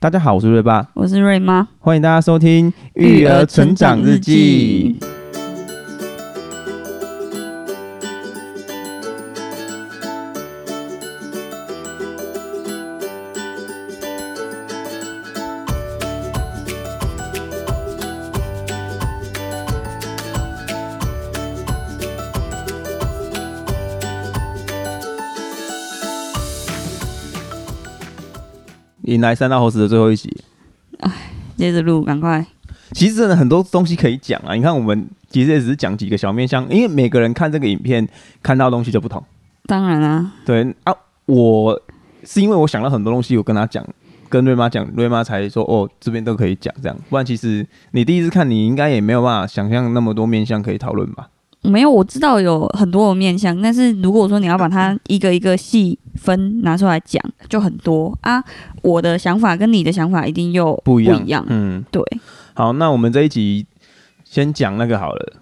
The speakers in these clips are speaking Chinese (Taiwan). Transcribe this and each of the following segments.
大家好，我是瑞爸，我是瑞媽，歡迎大家收聽《育兒成長日記》。來山道猴子的最後一集，哎，接着錄，趕快。其實真的很多東西可以講啊。你看，我們其實也只是講幾個小面相，因為每個人看這個影片看到東西就不同。當然啦，啊，對啊，我是因為我想了很多東西，我跟他講，跟瑞媽講，瑞媽才說哦，這邊都可以講這樣。不然，其實你第一次看，你應該也沒有辦法想象那麼多面相可以討論吧。沒有，我知道有很多的面相，但是如果說你要把它一個一個細分拿出來講，就很多啊。我的想法跟你的想法一定又不一樣。一樣，嗯，對。好，那我們這一集先講那個好了。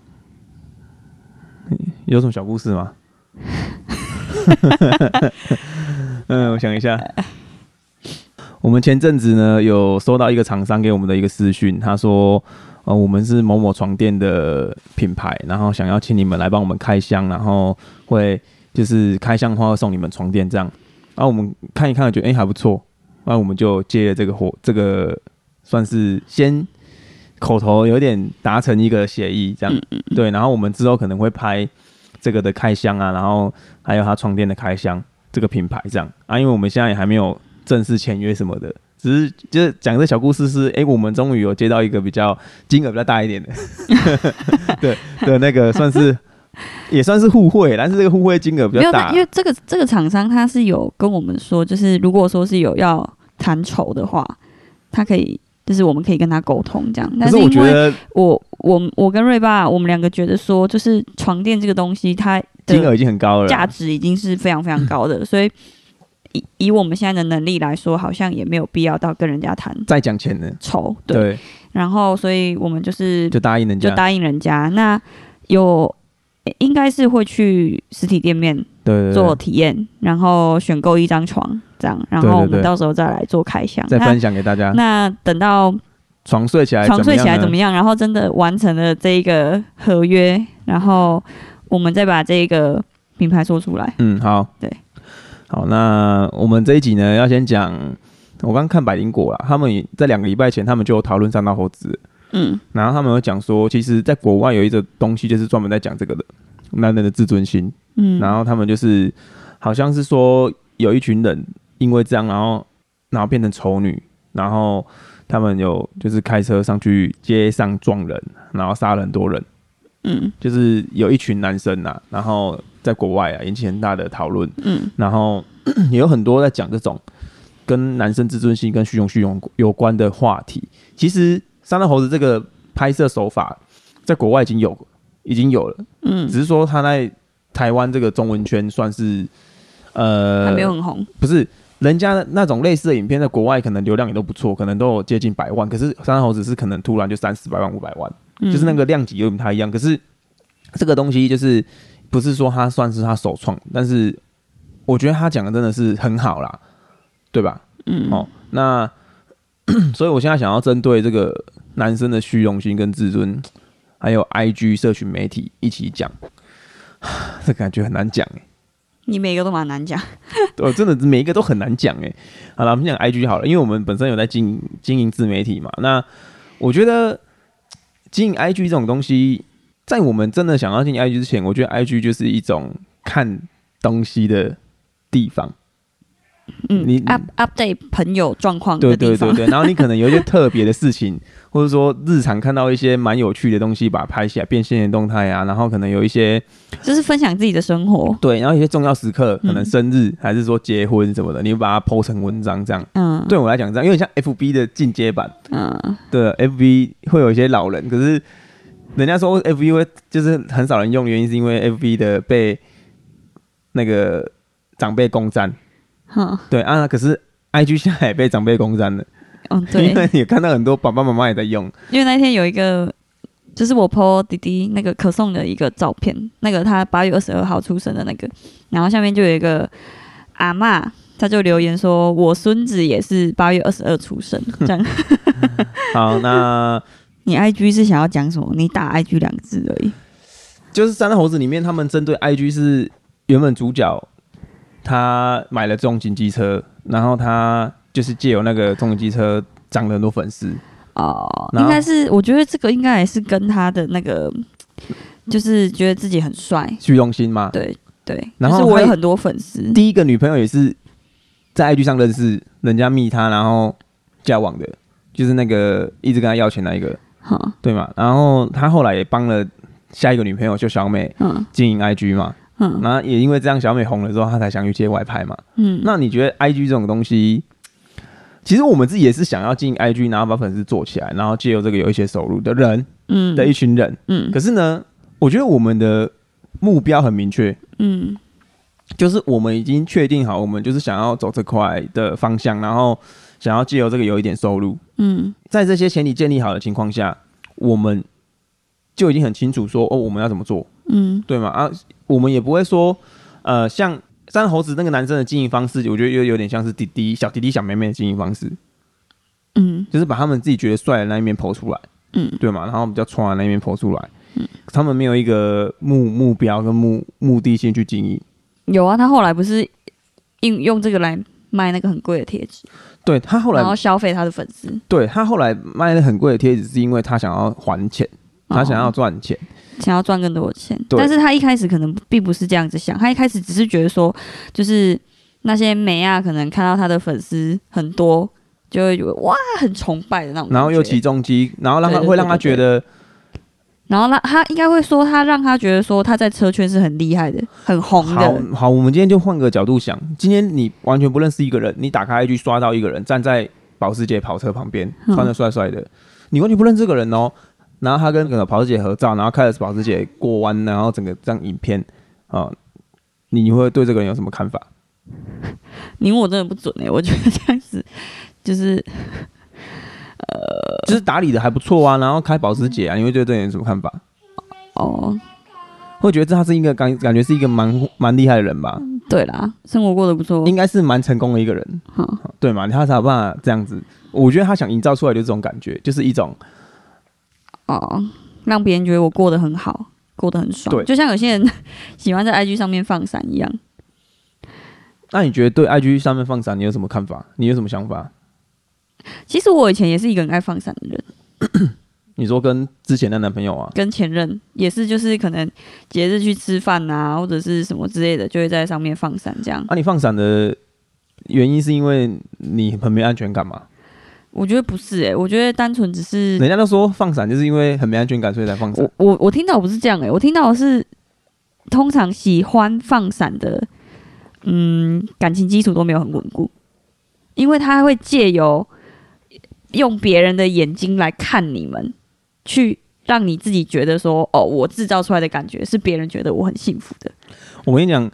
有什麼小故事嗎？ 嗯，我想一下。 我們前陣子呢，有收到一個廠商給我們的一個私訊，他說。哦、呃，我們是某某床墊的品牌，然後想要請你們來幫我們開箱，然後會就是開箱的話會送你們床墊這樣。然、啊、後我們看一看，覺得哎、欸、還不錯，那、啊、我們就接了這個活，這個算是先口頭有點達成一個協議這樣。對，然後我們之後可能會拍這個的開箱啊，然後還有他床墊的開箱，這個品牌這樣啊，因為我們現在也還沒有正式簽約什麼的。只是就是講一個小故事是，是、欸、哎，我們終於有接到一個比較金額比較大一點的， 對的 那個算是也算是互惠，但是這個互惠金額比較大，因為這個這個廠商他是有跟我們說，就是如果說是有要談酬的話，他可以就是我們可以跟他溝通這樣，但是我覺得我我我跟瑞爸、啊、我們兩個覺得說，就是床墊這個東西，它金額已經很高了，價值已經是非常非常高的，嗯、所以。以以我們現在的能力來說，好像也沒有必要到跟人家談再講錢的愁，對。然後，所以我們就是就答應人家，就答應人家，那有應該是會去實體店面對做體驗對對對，然後選購一張床這樣，然後我們到時候再來做開箱，對對對再，開箱對對對再分享給大家。那等到床睡起來怎麼樣，床睡起來怎麼樣？然後真的完成了這一個合約，然後我們再把這一個品牌說出來。嗯，好，對。好，那我們這一集呢，要先講。我剛剛看百靈果了，他們也在兩個禮拜前，他們就討論山道猴子。嗯，然後他們有講說，其實，在國外有一個東西，就是專門在講這個的，男人的自尊心。嗯，然後他們就是好像是說，有一群人因為這樣，然後然後變成仇女，然後他們有就是開車上去街上撞人，然後殺了很多人。嗯，就是有一群男生吶、啊，然後。在國外啊，引起很大的討論。嗯，然後也有很多在講這種跟男生自尊心跟虛榮、虛榮有關的話題。其實《山道猴子》這個拍攝手法在國外已經有，已經有了。嗯，只是說他在台灣這個中文圈算是呃，還沒有很紅。不是人家那種類似的影片，在國外可能流量也都不錯，可能都有接近百萬。可是《山道猴子》是可能突然就三四百萬、五百萬，就是那個量級有點不太一樣。可是這個東西就是。不是說他算是他首創，但是我覺得他講的真的是很好啦，對吧？嗯。哦，那 所以我現在想要針對這個男生的虛榮心跟自尊，還有 I G 社群媒體一起講，這個、感覺很難講、欸、你每個都蠻難講。 對，真的每一個都很難講哎、欸。好了，我們講 I G 好了，因為我們本身有在經營經營自媒體嘛。那我覺得經營 I G 這種東西。在我們真的想要進 IG 之前，我覺得 IG 就是一種看東西的地方。嗯，你 up update 朋友狀況，對對對對。然後你可能有一些特別的事情， 或者說日常看到一些蠻有趣的東西，把它拍下來變現的動態啊。然後可能有一些就是分享自己的生活，對。然後一些重要時刻，可能生日、嗯、還是說結婚什麼的，你會把它 po 成文章這樣。嗯，對我來講這樣，因為像 FB 的進階版，嗯，對，FB 會有一些老人，可是。人家說 FV 就是很少人用，原因是因為 FB 的被那個長輩攻占。哼、嗯，對啊，可是 IG 現在也被長輩攻占了。嗯，對，因為也看到很多爸爸媽媽也在用。因為那天有一個，就是我 PO 弟弟那個可頌的一個照片，那個他八月二十二號出生的那個，然後下面就有一個阿嬤，他就留言說：“我孫子也是八月二十二出生。”這樣、嗯。 好，那。你 IG 是想要講什麼？你打 IG 兩個字而已，就是山道猴子裡面，他們針對 IG 是原本主角他買了重型機車，然後他就是借由那個重機車漲了很多粉絲哦。應該是我覺得這個應該也是跟他的那個，就是覺得自己很帥虛榮心嘛。對對，然後我有很多粉絲，第一個女朋友也是在 IG 上認識，人家密他，然後交往的，就是那個一直跟他要錢那一個。對嘛，然後他後來也幫了下一個女朋友，就小美，嗯，經營 IG 嘛，嗯，然後也因為這樣，小美紅了之後，他才想去接外拍嘛，嗯。那你覺得 IG 這種東西，其實我們自己也是想要經營 IG，然後把粉絲做起來，然後借由這個有一些收入的人，嗯，的一群人，嗯。可是呢，我覺得我們的目標很明確，嗯，就是我們已經確定好，我們就是想要走這塊的方向，然後。想要借由這個有一點收入，嗯，在這些前提建立好的情況下，我們就已經很清楚說，哦，我們要怎麼做，嗯，對嘛啊，我們也不會說，呃，像山猴子那個男生的經營方式，我覺得又有點像是弟弟小弟弟小妹妹的經營方式，嗯，就是把他們自己覺得帥的那一面 PO 出來，嗯，對嘛，然後比較衝的那一面 PO 出來，嗯，他們沒有一個目目標跟目目的性去經營，有啊，他後來不是應用這個來。賣那個很貴的貼紙，對他後來然後消費他的粉絲，對他後來賣那很貴的貼紙，是因為他想要還錢，他想要賺錢，哦，想要賺更多的錢。但是他一開始可能並不是這樣子想，他一開始只是覺得說，就是那些妹啊，可能看到他的粉絲很多，就會覺得哇，很崇拜的那種，然後又騎重機，然後讓他對對對，會讓他覺得。然後呢，他應該會說，他讓他覺得說他在車圈是很厲害的，很紅的。好，好我們今天就換個角度想，今天你完全不認識一個人，你打開一 g 刷到一個人站在保時捷跑車旁邊，穿得帥帥的帥帥的，你完全不認識這個人哦。然後他跟那個保時捷合照，然後開着保時捷過彎，然後整個這樣影片啊、哦，你會對這個人有什麼看法？ 你問我真的不準哎、欸，我覺得這樣子就是。 呃，就是打理的還不錯啊。然後開保時捷啊，你會覺得，對這點有什麼看法？哦，會覺得這他是一個感感覺是一個蠻蠻厲害的人吧？對啦，生活過得不錯，應該是蠻成功的一個人。哦、對嘛？他才有辦法這樣子，我覺得他想營造出來的這種感覺，就是一種哦，讓別人覺得我過得很好，過得很爽。對，就像有些人喜歡在 IG 上面放閃一樣。那你覺得對 IG 上面放閃，你有什麼看法？你有什麼想法？其實我以前也是一個很愛放閃的人。你說跟之前的男朋友啊？跟前任也是，就是可能節日去吃飯啊，或者是什麼之類的，就會在上面放閃這樣。那、啊、你放閃的原因是因為你很沒安全感嗎？我覺得不是誒、欸，我覺得單純只是……人家都說放閃就是因為很沒安全感，所以才放閃。我我我聽到不是這樣誒、欸，我聽到的是，通常喜歡放閃的，嗯，感情基礎都沒有很穩固，因為他還會借由。用別人的眼睛來看你們，去讓你自己覺得說：“哦，我制造出來的感覺是別人覺得我很幸福的。”我跟你講，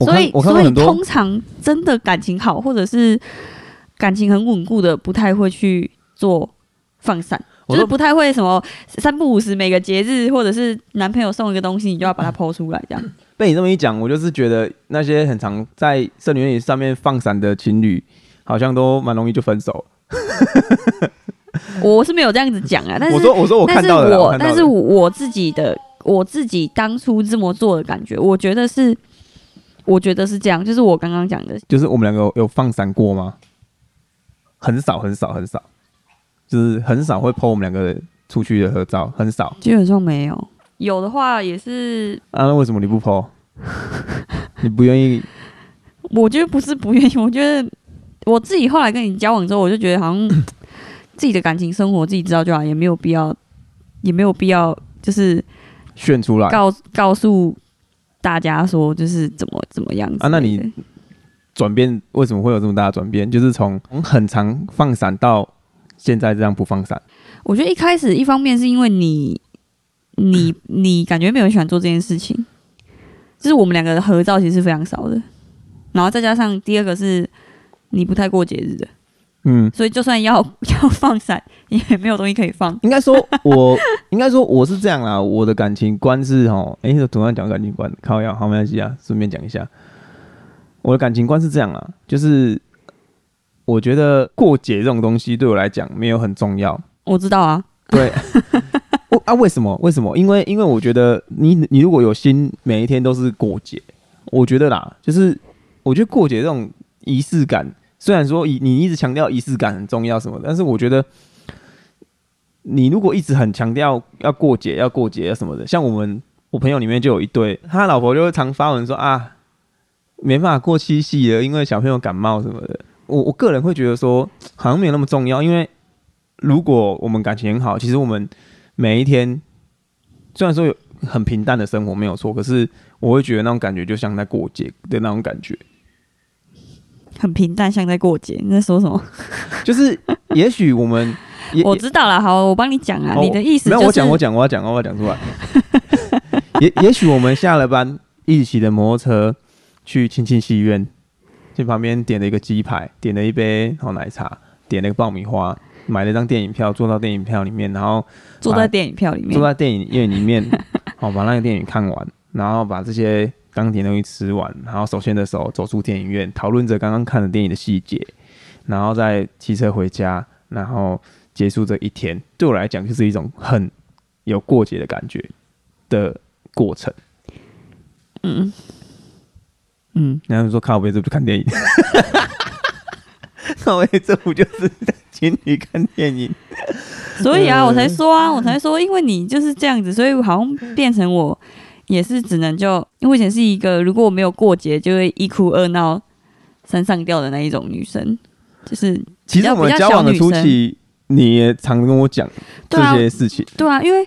所以，所以通常真的感情好，或者是感情很穩固的，不太會去做放閃，就是不太會什麼三不五時每個節日或者是男朋友送一個東西，你就要把它 po 出來。這樣、嗯、被你這麼一講，我就是覺得那些很常在社交圈上面放閃的情侶，好像都蠻容易就分手。 我是沒有這樣子講啊，但是我說我說我看到了，但是我,我但是我,我自己的我自己當初這麼做的感覺，我覺得是我覺得是這樣，就是我剛剛講的，就是我們兩個有,有放閃過嗎？很少很少很少，就是很少會拋我們兩個出去的合照，很少，基本上沒有，有的話也是啊？那為什麼你不拋？ 你不願願意, 意？我覺得不是不願意，我覺得。我自己後來跟你交往之後，我就覺得好像自己的感情生活 自己知道就好，也沒有必要，也沒有必要就是炫出來，告告訴大家說就是怎麼怎麼樣啊。那你轉變，為什麼會有這麼大的轉變？就是從很常放閃到現在這樣不放閃。我覺得一開始一方面是因為你你你感覺沒有喜歡做這件事情，就是我們兩個的合照其實是非常少的，然後再加上第二個是。你不太過節日的，嗯，所以就算要要放閃，也沒有東西可以放。應該說我，我 應該說我是這樣啦，我的感情觀是哦，哎、欸，這突然講感情觀，靠，我要好沒關係啊。順便講一下，我的感情觀是這樣啊，就是我覺得過節這種東西對我來講沒有很重要。我知道啊，對， 我啊，為什麼？為什麼？因為因為我覺得你你如果有心，每一天都是過節。我覺得啦，就是我覺得過節這種儀式感。雖然說，你你一直強調儀式感很重要什麼的，但是我覺得，你如果一直很強調要過節、要過節什麼的，像我們我朋友裡面就有一對，他老婆就會常發文說啊，沒辦法過七夕了，因為小朋友感冒什麼的。我我個人會覺得說，好像沒有那麼重要，因為如果我們感情很好，其實我們每一天雖然說有很平淡的生活沒有錯，可是我會覺得那種感覺就像在過節的那種感覺。很平淡，像在過節。你在說什麼？ 就是，也許我們我知道了。好，我幫你講啊、哦。你的意思、就是？沒有，我講，我講，我要講，我要講，我要講出來 也。也也許我們下了班，一起的摩托車去青青戲院，去旁邊點了一個雞排，點了一杯好奶茶，點了一個爆米花，買了一張電影票，坐到電影票裡面，然後坐在電影票裡面、啊，坐在電影院裡面，好、 哦、把那個電影看完，然後把這些。當點東西吃完，然後首先的時候走出電影院，討論着剛剛看的電影的細節，然後再騎車回家，然後結束這一天，對我來講就是一種很有過節的感覺的過程。嗯嗯，嗯，然後你說靠北這不就看電影，所 以 這不就是在請你看電影？所以啊、嗯，我才說啊，我才說，因為你就是這樣子，所以好像變成我。 也是只能就，因為以前是一個如果我沒有過節就會一哭二鬧三上吊的那一種女生，就是比較比較。其實我們交往的初期，你也常跟我講這些事情。對啊，對啊，因為，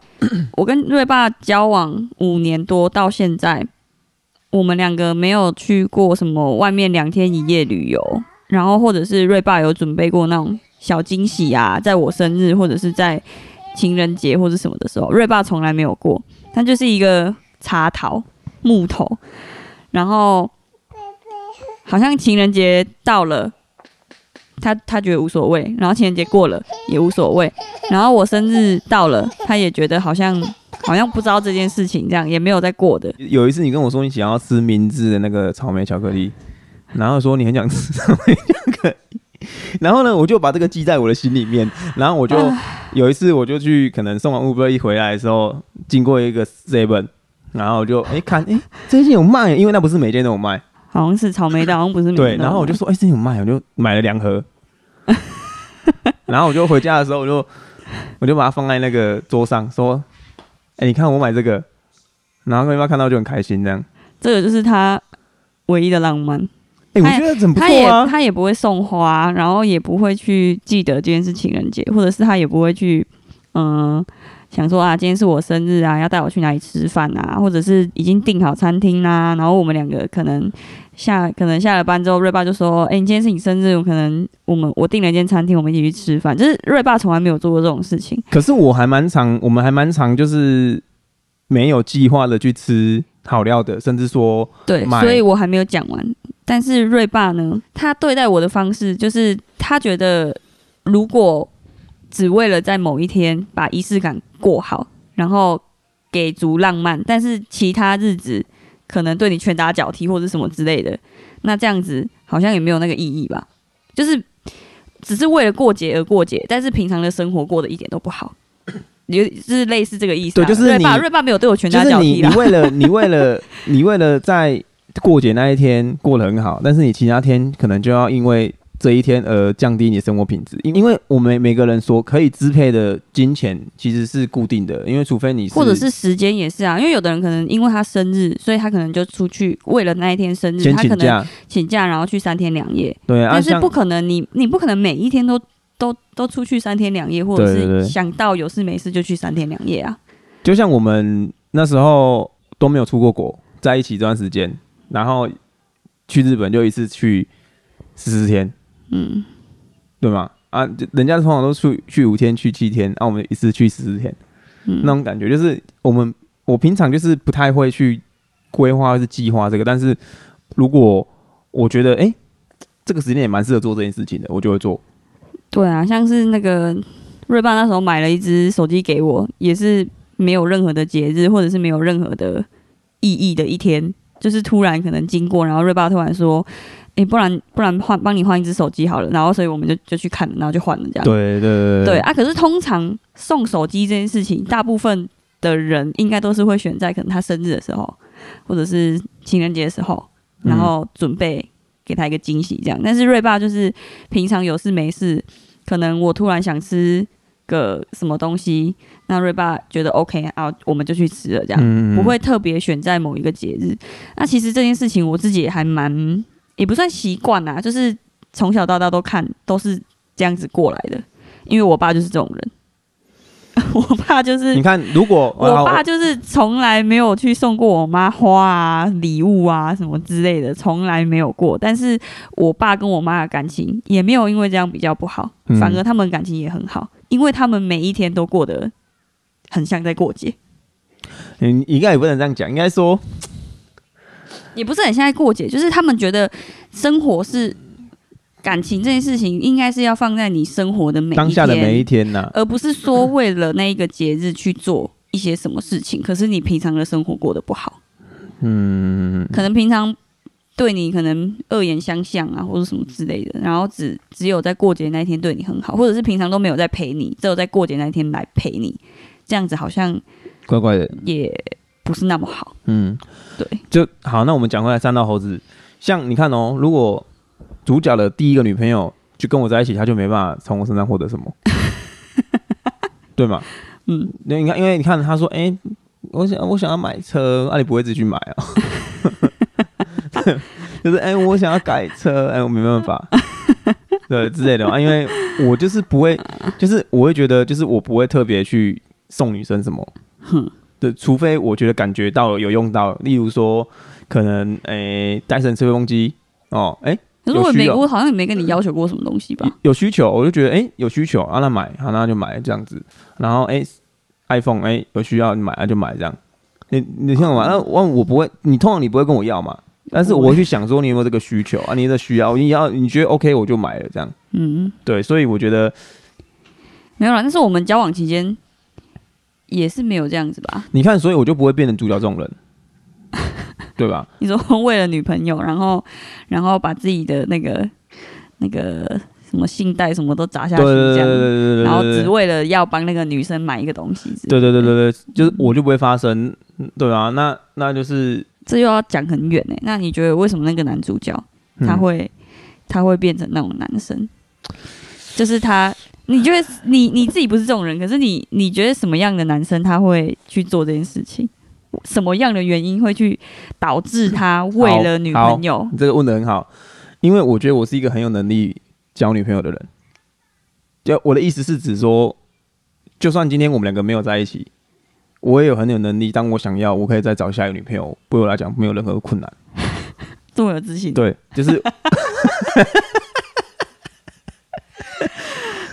我跟瑞爸交往五年多到現在， 我們兩個沒有去過什麼外面兩天一夜旅遊，然後或者是瑞爸有準備過那種小驚喜啊，在我生日或者是在情人節或者什麼的時候，瑞爸從來沒有過，他就是一個。茶桃木頭，然後好像情人節到了，他他覺得無所謂，然後情人節過了也無所謂，然後我生日到了，他也覺得好像好像不知道這件事情，這樣也沒有再過的。有一次你跟我說你想要吃明治的那個草莓巧克力，然後說你很想吃草莓巧克力，然後呢我就把這個記在我的心裡面，然後我就有一次我就去可能送完 Uber 一回來的時候，經過一個 Seven。然後我就哎、欸、看哎、欸，最近有賣，因為那不是每天都有賣，好像是草莓的，好像不是。 對，然後我就說哎、欸，最近有賣，我就買了兩盒。 然後我就回家的時候，我就我就把它放在那個桌上，說哎、欸，你看我買這個，然後他有沒有看到就很開心這樣。這個就是他唯一的浪漫。哎，我覺得怎麼他也他也，他也不會送花，然後也不會去記得今天是情人節，或者是他也不會去嗯。呃想說啊，今天是我生日啊，要帶我去哪裡吃飯啊？或者是已經訂好餐廳啦、啊。然後我們兩個可能下，可能下了班之後，瑞爸就說：“哎、欸，你今天是你生日，我可能我們我訂了一間餐廳，我們一起去吃飯。”就是瑞爸從來沒有做過這種事情。可是我還蠻常，我們還蠻常就是沒有計劃的去吃好料的，甚至說對，所以我還沒有講完。但是瑞爸呢，他對待我的方式就是他覺得如果。只為了在某一天把儀式感過好，然後給足浪漫，但是其他日子可能對你拳打腳踢或者什麼之類的，那這樣子好像也沒有那個意義吧？就是只是為了過節而過節，但是平常的生活過得一點都不好，你就是類似這個意思、啊。對，就是瑞爸瑞爸沒有對我拳打腳踢啦、就是你。你為了你為了 你為了在過節那一天過得很好，但是你其他天可能就要因為。這一天，呃，降低你生活品質，因因為我們每個人說可以支配的金錢其實是固定的，因為除非你是，或者是時間也是啊，因為有的人可能因為他生日，所以他可能就出去為了那一天生日，他可能請假，然後去三天兩夜。對，啊，但是不可能你，你你不可能每一天都都都出去三天兩夜，或者是想到有事沒事就去三天兩夜啊對對對。就像我們那時候都沒有出過國，在一起這段時間，然後去日本就一次去十四天。嗯，對嗎？啊，人家通常都去去五天、去七天，那、啊、我們一次去十四天，嗯，那種感覺就是我們我平常就是不太會去規劃或是計劃這個，但是如果我覺得哎、欸，這個時間也蠻適合做這件事情的，我就會做。對啊，像是那個瑞爸那時候買了一支手機給我，也是沒有任何的節日或者是沒有任何的意義的一天，就是突然可能經過，然後瑞爸突然說。哎、欸，不然不然換幫你換一隻手機好了，然後所以我們就就去看，然後就換了這樣。對對對，對,對啊！可是通常送手機這件事情，大部分的人應該都是會選在可能他生日的時候，或者是情人節的時候，然後準備給他一個驚喜這樣、嗯。但是瑞爸就是平常有事沒事，可能我突然想吃個什麼東西，那瑞爸覺得 OK 啊，我們就去吃了這樣，不、嗯、會特別選在某一個節日。那其實這件事情我自己也還蠻。也不算習慣啊，就是從小到大都看都是這樣子過來的，因為我爸就是這種人。 我爸就是你看，如果我爸就是從來沒有去送過我媽花啊、禮物啊什麼之類的，從來沒有過。但是我爸跟我媽的感情也沒有因為這樣比較不好，嗯、反而他們的感情也很好，因為他們每一天都過得很像在過節。嗯，應該也不能這樣講，應該說。也不是很像在過節，就是他們覺得生活是感情這件事情，應該是要放在你生活的每當下的每一天呢、啊，而不是說為了那一個節日去做一些什麼事情、嗯。可是你平常的生活過得不好，嗯，可能平常對你可能惡言相向啊，或者什麼之類的，然後只只有在過節那一天對你很好，或者是平常都沒有在陪你，只有在過節那天來陪你，這樣子好像怪怪的，也。不是那麼好，嗯，對，就好。那我們講回來，山道猴子，像你看哦、喔，如果主角的第一個女朋友就跟我在一起，他就沒辦法從我身上獲得什麼， 對嗎？嗯，那你看，因為你看，他說，哎、欸，我想，我想要買車，啊，你不會自己去買啊？ 就是，哎、欸，我想要改車，哎、欸，我沒辦法， 對之類的啊，因為我就是不會，就是我會覺得，就是我不會特別去送女生什麼，哼、嗯。是，除非我覺得感覺到有用到，例如說，可能誒，戴森吹風機哦，哎、喔欸，可是我沒，我好像也沒跟你要求過什麼東西吧？嗯、有需求，我就覺得誒、欸，有需求，讓、啊、他買，好、啊，那就買這樣子。然後誒、欸、，iPhone，誒、欸，有需要你買，啊、就買這樣。你、欸、你聽到嗎？那我我不會，你通常你不會跟我要嘛？但是我會去想說，你有沒有這個需求啊？你的需要，你要你覺得 OK，我就買了這樣。嗯，對，所以我覺得沒有了。那是我們交往期間。也是沒有這樣子吧？你看，所以我就不會變成主角這種人， 對吧？你說我為了女朋友，然後然後把自己的那個那個什麼信貸什麼都砸下去，這樣，對對對對對對，然後只為了要幫那個女生買一個東西是不是？，對對對對對，就是我就不會發生，對吧、啊？那那就是這又要講很遠呢、欸。那你覺得為什麼那個男主角他會、嗯、他會變成那種男生？就是他。你覺得你你自己不是這種人，可是你你覺得什麼樣的男生他會去做這件事情？什麼樣的原因會去導致他為了女朋友？你這個問得很好，因為我覺得我是一個很有能力交女朋友的人。就我的意思是指說，就算今天我們兩個沒有在一起，我也有很有能力。當我想要，我可以再找下一個女朋友，對我來講沒有任何困難。這麼有自信？對，就是。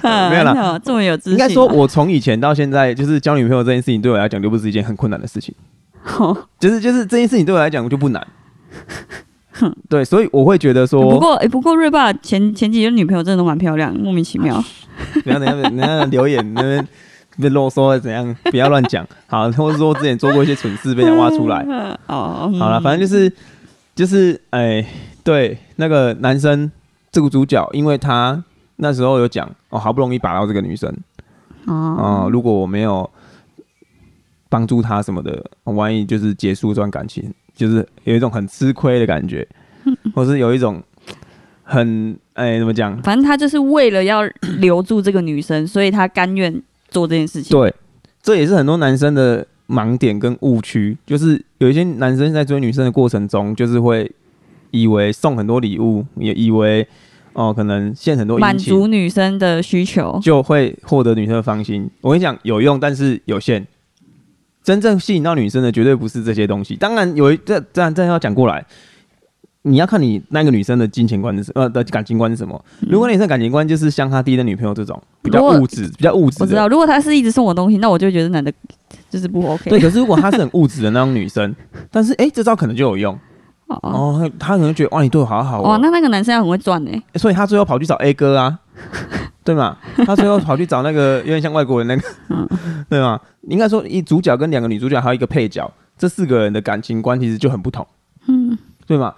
嗯、沒有啦，這麼有自信。應該說，我從以前到現在，就是交女朋友這件事情，對我來講就不是一件很困難的事情。哦、就是就是這件事情對我來講就不難。哼，對，所以我會覺得說，欸、不過哎、欸，不過瑞爸前前幾任女朋友真的都蠻漂亮，莫名其妙。啊、不要不要不要留言，那邊被囉嗦 怎樣？不要亂講。好，或者說之前做過一些蠢事被人挖出來。呵呵哦，嗯、好啦，反正就是就是哎、欸，對那個男生這個主角，因為他。那時候有講，我、哦、好不容易把到這個女生，oh. 哦，如果我沒有幫助她什麼的，萬一就是結束這段感情，就是有一種很吃虧的感覺， 或是有一種很哎、欸、怎麼講？反正他就是為了要留住這個女生，所以他甘願做這件事情。對，這也是很多男生的盲點跟誤區，就是有一些男生在追女生的過程中，就是會以為送很多禮物，也以為。哦，可能現很多滿足女生的需求，就會獲得女生的芳心。我跟你講，有用，但是有限。真正吸引到女生的絕對不是這些東西。當然有一這這，這要講過來，你要看你那個女生的金錢觀是呃的，感情觀是什麼？嗯、如果你的感情觀就是像她第一任女朋友這種比較物質，比較物質。我知道，如果她是一直送我的東西，那我就覺得男的就是不 OK。對， 可是如果她是很物質的那種女生， 但是哎、欸，這招可能就有用。Oh, 哦，他可能覺得哇，你對我好好哦。Oh, 那那個男生要很會賺呢，欸欸，所以他最後跑去找 A 哥啊， 對嘛？他最後跑去找那個有點像外國人那個， 對嘛？你應該說，一主角跟兩個女主角，還有一個配角，這四個人的感情觀其實就很不同，嗯， 對嘛？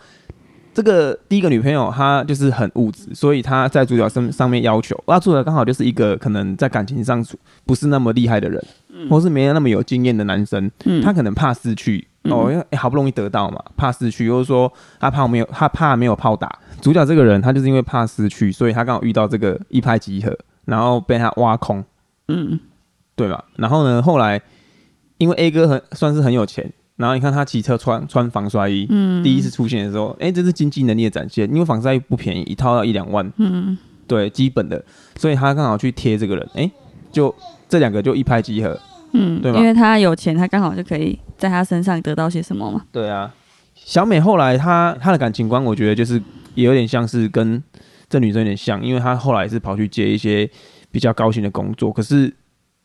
這個第一個女朋友，她就是很物質，所以她在主角上上面要求，哇，主角剛好就是一個可能在感情上不是那麼厲害的人，或是沒有那麼有經驗的男生。他可能怕失去哦，因、欸、為好不容易得到嘛，怕失去，又說他怕沒有，他怕沒有炮打主角。這個人他就是因為怕失去，所以他剛好遇到這個一拍即合，然後被他挖空，嗯，對吧？然後呢，後來因為 A 哥很算是很有錢。然後你看他騎車穿穿防摔衣、嗯，第一次出現的時候，哎、欸，這是經濟能力的展現，因為防摔衣不便宜，一套要一兩萬，嗯，對，基本的，所以他剛好去貼這個人，哎、欸，就這兩個就一拍即合，嗯，對吧，因為他有錢，他剛好就可以在他身上得到些什麼嘛，對啊。小美後來她她的感情觀，我覺得就是也有點像是跟這女生有點像，因為她後來是跑去接一些比較高薪的工作，可是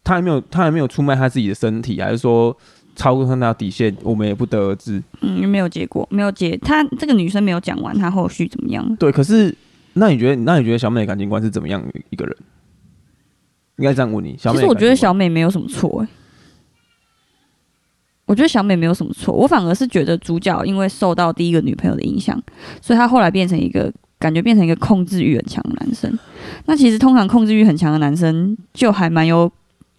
她還沒有她還沒有出賣她自己的身體，還、就是說。超過他那底線，我們也不得而知。嗯，因為沒有結果，沒有結。他這個女生沒有講完，她後續怎麼樣？對，可是那你覺得，那你覺得小美感情觀是怎麼樣一個人？應該這樣問你。小美其實我覺得小美沒有什麼錯哎、欸。我覺得小美沒有什麼錯，我反而是覺得主角因為受到第一個女朋友的影響，所以他後來變成一個感覺變成一個控制欲很強的男生。那其實通常控制欲很強的男生就還蠻有。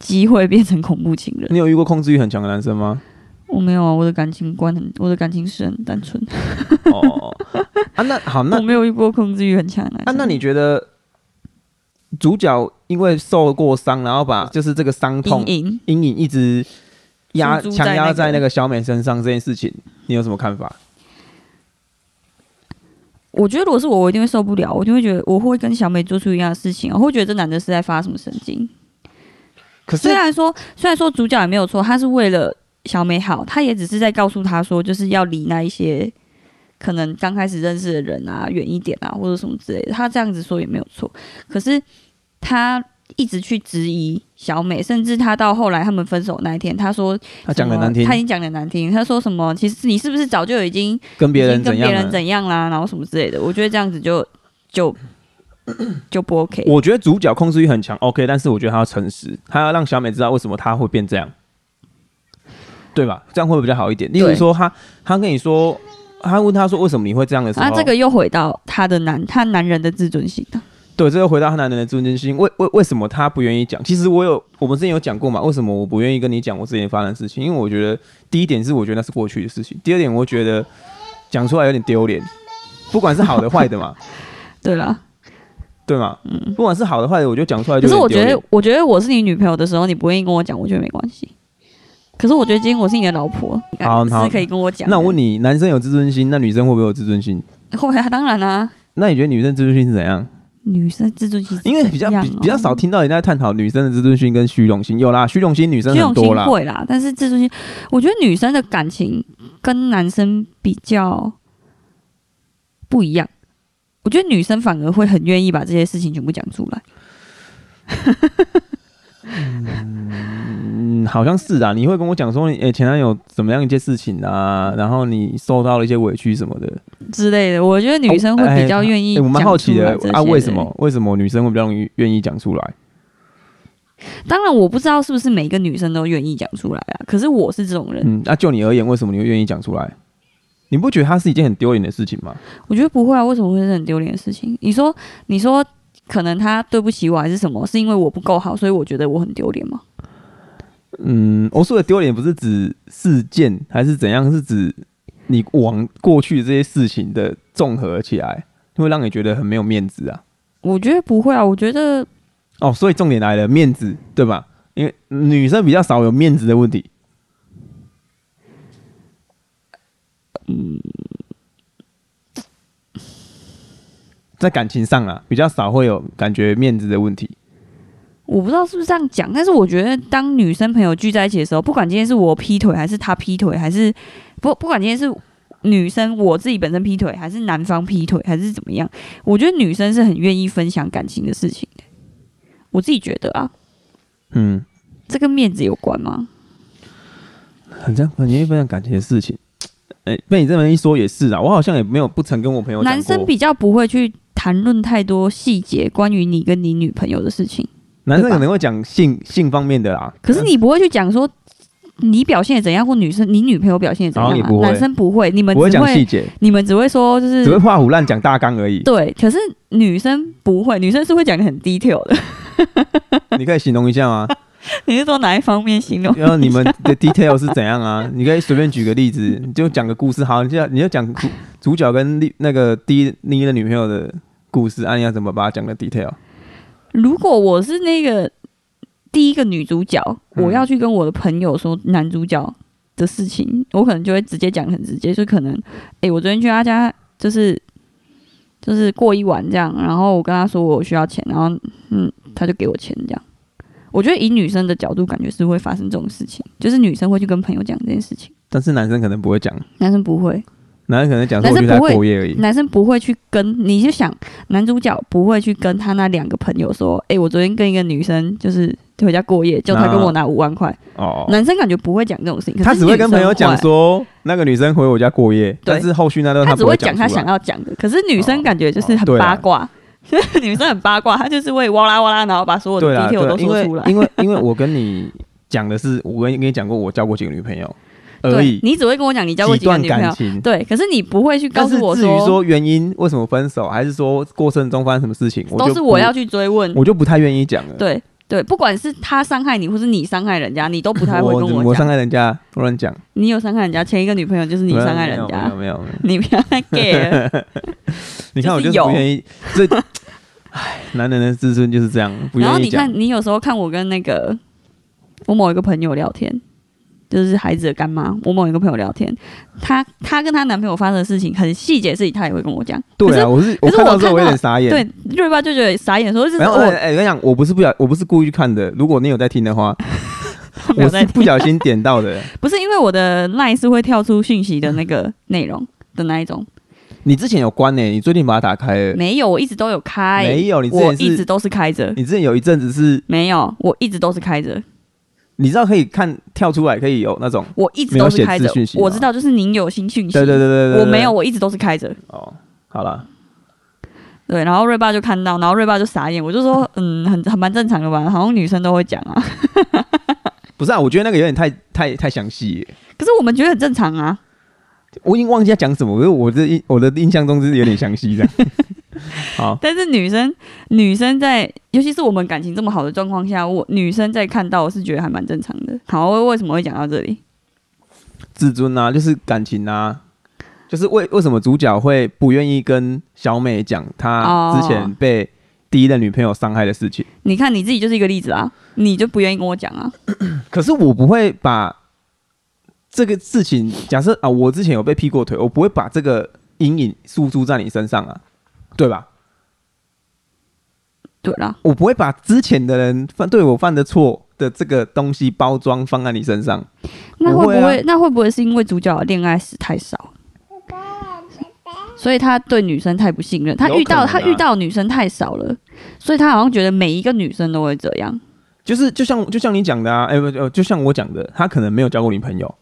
機會變成恐怖情人。你有遇過控制欲很強的男生嗎？我沒有啊，我的感情觀很，我的感情是很單純。 哦，啊，那好，那我沒有遇過控制欲很強的男生。生、啊。那你覺得主角因為受過傷，然後把就是這個傷痛陰影一直壓強壓在那個小美身上這件事情，你有什麼看法？我覺得，如果是我，我一定會受不了，我就會覺得我會跟小美做出一樣的事情，我會覺得這男的是在發什麼神經。雖然說，雖然說主角也沒有錯，他是為了小美好，他也只是在告訴他說，就是要離那一些可能剛開始認識的人啊遠一點啊，或者什麼之類的。他這樣子說也沒有錯，可是他一直去質疑小美，甚至他到後來他們分手那一天，他說他講得難聽，他已經講得難聽，他說什麼？其實你是不是早就已經跟別人跟別人怎樣啦，然後什麼之類的？我覺得這樣子就就。就不 OK。我覺得主角控制欲很強，OK，但是我覺得他要誠實，他要讓小美知道為什麼他會變這樣，對吧？這樣會不會比較好一點？例如說，他他跟你說，他問他說，為什麼你會這樣的時候？那、啊、這個又回到他的男他男人的自尊心。對，這個回到他男人的自尊心。為為為什麼他不願意講？其實我有我們之前有講過嘛，為什麼我不願意跟你講我之前發生的事情？因為我覺得第一點是我覺得那是過去的事情，第二點我覺得講出來有點丟臉，不管是好的壞的嘛。 對了。對嘛？嗯，不管是好的壞的，我就講出來就。可是我覺得，我覺得我是你女朋友的時候，你不願意跟我講，我覺得沒關係。可是我覺得今天我是你的老婆，你好好是可以跟我講。那我問你，男生有自尊心，那女生會不會有自尊心會啊，當然啦、啊。那你覺得女生自尊心是怎樣？女生自尊心是怎樣，因為比較比、哦、比較少聽到人家在探討女生的自尊心跟虛榮心。有啦，虛榮心女生虛榮心會啦，但是自尊心，我覺得女生的感情跟男生比較不一樣。我覺得女生反而會很願意把這些事情全部講出來。嗯，好像是啊。你會跟我講說，哎、欸，前男友怎麼樣一些事情啊？然後你受到了一些委屈什麼的之類的。我覺得女生會比較願意講出來、欸欸。我蠻好奇的、欸、啊，為什麼？為什麼女生會比較願意願意講出來？當然，我不知道是不是每個女生都願意講出來啊。可是我是這種人。嗯，那、啊、就你而言，為什麼你會願意講出來？你不覺得他是一件很丟臉的事情嗎？我覺得不會啊，為什麼會是很丟臉的事情？你說，你說，可能他對不起我還是什麼？是因為我不夠好，所以我覺得我很丟臉嗎？嗯，我說的丟臉不是指事件，還是怎樣？是指你往過去這些事情的綜合起來，會讓你覺得很沒有面子啊？我覺得不會啊，我覺得。哦，所以重點來了，面子對吧？因為女生比較少有面子的問題。嗯，在感情上啊，比較少會有感覺面子的問題。我不知道是不是這樣講，但是我覺得，當女生朋友聚在一起的時候，不管今天是我劈腿，還是他劈腿，還是不，不管今天是女生我自己本身劈腿，還是男方劈腿，還是怎麼樣，我覺得女生是很願意分享感情的事情的。我自己覺得啊，嗯，這跟面子有關嗎？很正很願意分享感情的事情。哎、欸，被你這麼一說也是啊，我好像也沒有不曾跟我朋友，男生比較不會去談論太多細節關於你跟你女朋友的事情。男生可能會講性、性方面的啦，可是你不會去講說你表現的怎樣或女生你女朋友表現的怎樣。啊不會，男生不會，你們不會講細節，你們只會說就是只會話虎爛，講大綱而已。對，可是女生不會，女生是會講很 detail 的， 你可以形容一下嗎？ 你是從哪一方面形容？然後你們的 detail 是怎樣啊？ 你可以隨便舉個例子，你就講個故事。好，你就你就講主角跟那那個第一的女朋友的故事，按、啊、要怎麼把它講的 detail？如果我是那個第一個女主角，我要去跟我的朋友說男主角的事情，嗯、我可能就會直接講很直接，就可能，哎、欸，我昨天去他家，就是就是過一晚這樣，然後我跟他說我需要錢，然後嗯，他就給我錢這樣。我覺得以女生的角度，感覺是會發生這種事情，就是女生會去跟朋友講這件事情。但是男生可能不會講，男生不會，男生可能講，男生不會過夜而已。男生不會去跟，你就想男主角不會去跟他那兩個朋友說：“哎、欸，我昨天跟一個女生就是回家過夜，叫她跟我拿五萬塊。”哦，男生感覺不會講這種事情，他只會跟朋友講說那個女生回我家過夜，但是後續那段他，他只會講他想要講的。可是女生感覺就是很八卦。哦哦你們是很八卦，他就是會哇啦哇啦，然後把所有的 detail 都說出來。因為因為，因為我跟你講的是，我跟跟你講過，我交過幾個女朋友，對，你只會跟我講你交過幾個女朋友，對。可是你不會去告訴我說，至於說原因為什麼分手，還是說過程中發生什麼事情，我都是我要去追問。我就不太願意講了。對對，不管是他傷害你，或是你傷害人家，你都不太會跟我講。我傷害人家，亂講。你有傷害人家前一個女朋友，就是你傷害人家，沒有，沒有，沒，有，沒，有，沒，有沒有。你不要太 care 你看，我就是不願意，就是、 這，唉，男人的自尊就是這樣，不願意講，然後你看，你有時候看我跟那個我某一個朋友聊天，就是孩子的乾媽，我某一個朋友聊天，她她跟她男朋友發生的事情，很細節事情，她也會跟我講。對啊，是我是我到是我看，到我，看到我有點傻眼，對瑞巴就覺得傻眼，說就是。然後，哎、呃，我、哦、講、欸，我不是不小我不是故意看的。如果你有在聽的話， 在我是不小心點到的， 不是因為我的 LINE 是會跳出訊息的那個內容 的那一種。你之前有關呢、欸，你最近把它打開沒有？我一直都有開。沒有，你之前一直都是開着。你之前有一陣子是沒有，我一直都是開着。你知道可以看跳出來，可以有那種有我一直都是開着。我知道,就是您有新訊息。對對，對對對對對，我沒有，我一直都是開着。哦，好了。對，然後瑞爸就看到，然後瑞爸就傻眼。我就說，嗯，很很蠻正常的吧？好像女生都會講啊。 不是啊，我覺得那個有點太太太詳細。可是我們覺得很正常啊。我已經忘記要講什麼，可是我這我的印象中就是有點詳細這樣 好，但是女生女生在，尤其是我們感情這麼好的狀況下，我女生在看到，我是覺得還蠻正常的。好，我為什麼會講到這裡？自尊啊，就是感情啊，就是為為什麼主角會不願意跟小美講她之前被第一任女朋友傷害的事情。哦，你看你自己就是一個例子啊，你就不願意跟我講啊？可是我不會把。這個事情，假設啊、哦，我之前有被劈過腿，我不會把這個陰影輸出在你身上啊，對吧？對啦，我不會把之前的人犯、對我犯的錯的這個東西包裝放在你身上。那會不會？會，那會不會是因為主角戀愛史太少？所以他對女生太不信任，他遇到、啊、他遇到女生太少了，所以他好像覺得每一個女生都會這樣。就是就像就像你講的啊，哎、不、呃，就像我講的，他可能沒有交過女朋友。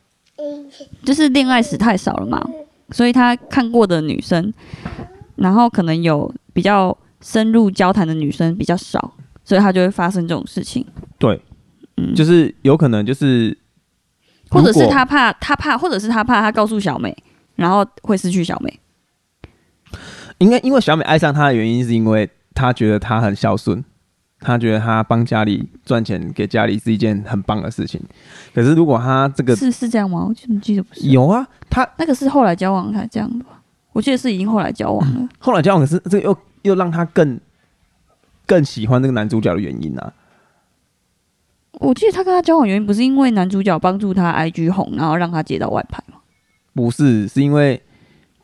就是戀愛史太少了嘛，所以他看過的女生，然後可能有比較深入交談的女生比較少，所以他就會發生這種事情。對，嗯，就是有可能就是，或者是他怕他怕，或者是他怕他告訴小美，然後會失去小美。應該因為小美愛上他的原因，是因為他覺得他很孝順。他覺得他幫家裡賺錢給家裡是一件很棒的事情，可是如果他這個，是是這樣嗎？我記得不是。有啊，他那個是後來交往才這樣的，我記得是已經後來交往了。嗯、後來交往，可是這又又讓他更更喜歡這個男主角的原因呢？啊？我記得他跟他交往的原因不是因為男主角幫助他 IG 紅，然後讓他接到外拍嗎？不是，是因為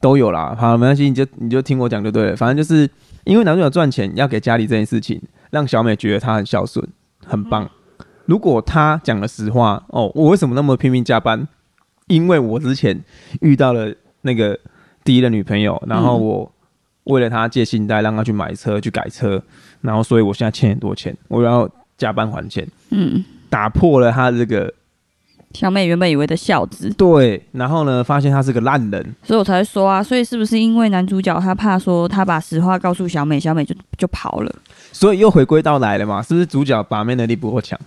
都有啦。好，沒關係，你就你就聽我講就對了。反正就是因為男主角賺錢要給家裡這件事情。讓小美覺得她很孝順，很棒。如果她講了實話，哦，我為什麼那麼拼命加班？因為我之前遇到了那個第一的女朋友，然後我為了她借信貸，讓她去買車、去改車，然後所以我現在欠很多錢，我要加班還錢。嗯，打破了她這個小美原本以為的孝子。對，然後呢，發現她是個爛人，所以我才會說啊。所以是不是因為男主角他怕說他把實話告訴小美，小美就就跑了？所以又回歸到來了嘛，是不是主角把妹能力不夠強？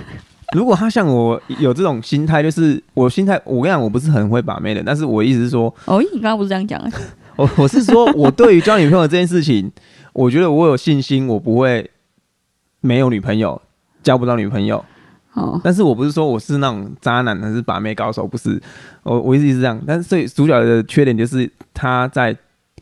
如果他像我有這種心態，就是我心態，我跟你講，我不是很會把妹的。但是我意思是說，哦，你剛剛不是這樣講？我 我是說，我對於交女朋友的這件事情， 我覺得我有信心，我不會沒有女朋友，交不到女朋友。哦，但是我不是說我是那種渣男，還是把妹高手。不是，我我意思是這樣。但是所以主角的缺點就是他在